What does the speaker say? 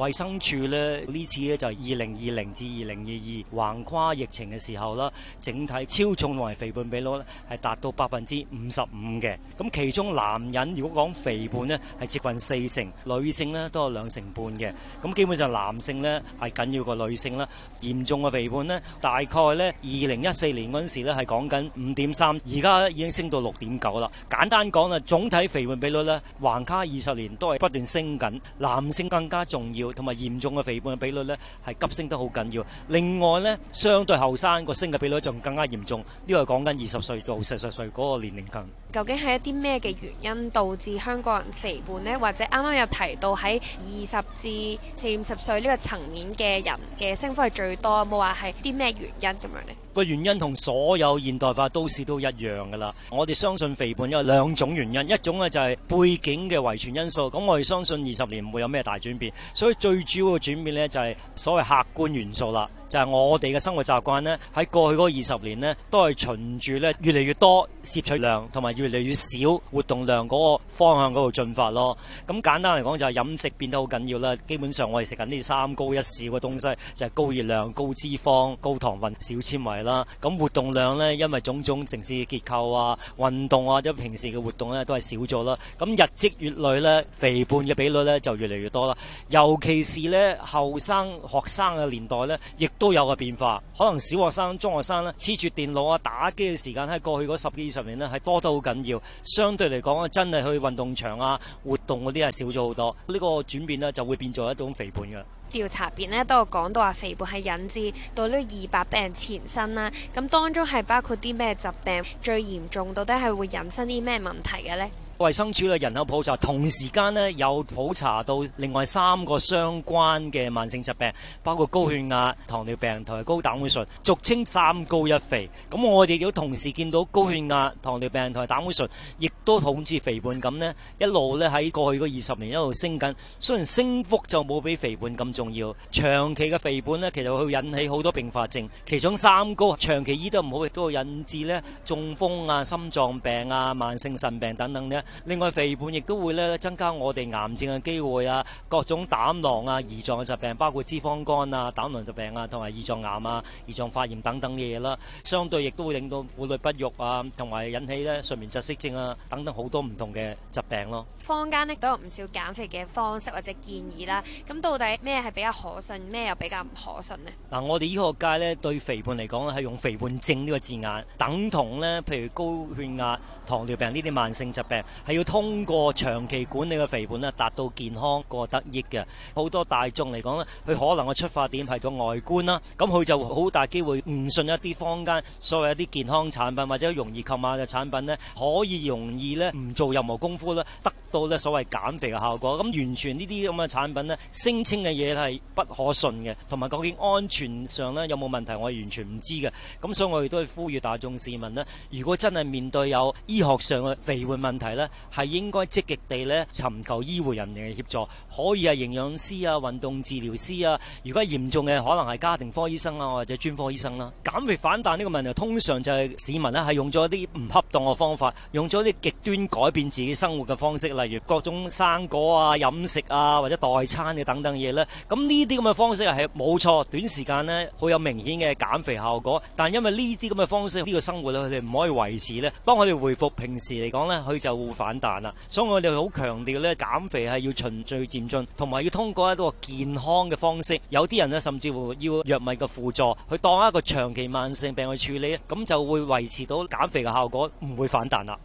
衛生署呢，呢次呢就係二零二零至二零二二橫跨疫情嘅時候啦，整體超重同埋肥胖比率呢係達到百分之五十五嘅。咁其中男人如果講肥胖呢係接近四成，女性呢都有兩成半嘅。咁基本上男性呢係緊要過女性啦。嚴重嘅肥胖呢大概呢二零一四年嗰陣時呢係講緊五點三，而家已經升到六點九啦。簡單講啦，總體肥胖比率呢橫跨二十年都係不斷升緊，男性更加重要。同埋嚴重嘅肥胖嘅比率咧，係急升得好緊要。另外咧，相對後生個升嘅比率仲更加嚴重。呢個係講緊二十歲到四十歲嗰個年齡層。究竟係一啲咩嘅原因導致香港人肥胖呢？或者啱啱有提到喺二十至四五十歲呢個層面嘅人嘅升幅係最多，冇話係啲咩原因咁樣呢個原因同所有現代化都市都一樣噶啦。我哋相信肥胖有兩種原因，一種呢就係背景嘅遺傳因素。咁我哋相信二十年唔會有咩大轉變，所以最主要嘅轉變呢就係所謂客觀元素啦。就係我哋嘅生活習慣呢，喺過去嗰二十年呢，都係循住呢越嚟越多攝取量同埋越嚟越少活動量嗰個方向嗰度進發咯。咁簡單嚟講，就係飲食變得好緊要啦。基本上我哋食緊呢啲三高一少嘅東西，就係高熱量、高脂肪、高糖分、少纖維啦。咁活動量呢，因為種種城市嘅結構啊、運動啊，即平時嘅活動呢，都係少咗啦。咁日積月累呢，肥胖嘅比率呢，就越嚟越多啦。尤其是呢後生學生嘅年代呢，亦都有嘅變化，可能小學生、中學生咧黐住電腦啊、打機嘅時間喺過去嗰十幾二十年咧係多得好緊要，相對嚟講啊，真係去運動場啊、活動嗰啲係少咗好多。呢個轉變咧就會變做一種肥胖嘅。調查邊呢都有講到話肥胖係引致到呢二百病人前身啦。咁當中係包括啲咩疾病？最嚴重到底係會引申啲咩問題嘅呢？衛生署嘅人口普查，同時間呢，有普查到另外三個相關嘅慢性疾病，包括高血壓、糖尿病、同埋高膽固醇，俗稱三高一肥。咁我哋亦都同時見到高血壓、糖尿病同埋膽固醇，亦都好似肥胖咁呢一路咧喺過去嗰二十年一路升緊。雖然升幅就冇比肥胖咁重要，長期嘅肥胖呢，其實會引起好多併發症。其中三高長期醫得唔好，亦都會引致呢中風啊、心臟病啊、慢性腎病等等呢。另外，肥胖亦都會咧增加我哋癌症嘅機會啊，各種膽囊啊、胰臟嘅疾病，包括脂肪肝啊、膽囊疾病啊，同埋胰臟癌啊、胰臟發炎等等嘅嘢啦。相對亦都會令到婦女不育啊，同埋引起咧睡眠窒息症啊等等好多唔同嘅疾病咯。坊間咧都有唔少減肥嘅方式或者建議啦。咁到底咩係比較可信，咩又比較唔可信呢？嗱，我哋醫學界咧對肥胖嚟講係用肥胖症呢個字眼，等同咧譬如高血壓、糖尿病呢啲慢性疾病。係要通過長期管理嘅肥胖咧，達到健康過得益嘅。好多大眾嚟講咧，佢可能嘅出發點係個外觀啦，咁佢就好大機會誤信一啲坊間所謂一啲健康產品或者容易購買嘅產品咧，可以容易咧，唔做任何功夫咧得到咧所謂減肥嘅效果，咁完全呢啲咁嘅產品呢，聲稱嘅嘢係不可信嘅，同埋究竟安全上呢有冇問題，我係完全唔知嘅。咁所以我亦都係呼籲大眾市民呢，如果真係面對有醫學上嘅肥胖問題呢，係應該積極地呢尋求醫護人員嘅協助，可以係營養師啊、運動治療師啊，如果係嚴重嘅可能係家庭科醫生啊或者專科醫生啦。減肥反彈呢個問題，通常就係市民呢係用咗一啲唔恰當嘅方法，用咗啲極端改變自己生活嘅方式例如各種生果啊、飲食啊，或者代餐嘅等等嘢呢。咁呢啲咁嘅方式係冇錯，短時間呢好有明顯嘅減肥效果。但因為呢啲咁嘅方式，呢個生活咧，佢哋唔可以維持呢。當佢哋回復平時嚟講呢，佢就會反彈啦。所以我哋好強調呢，減肥係要循序漸進，同埋要通過一個健康嘅方式。有啲人呢，甚至乎要藥物嘅輔助，去當一個長期慢性病去處理，咁就會維持到減肥嘅效果，唔會反彈啦。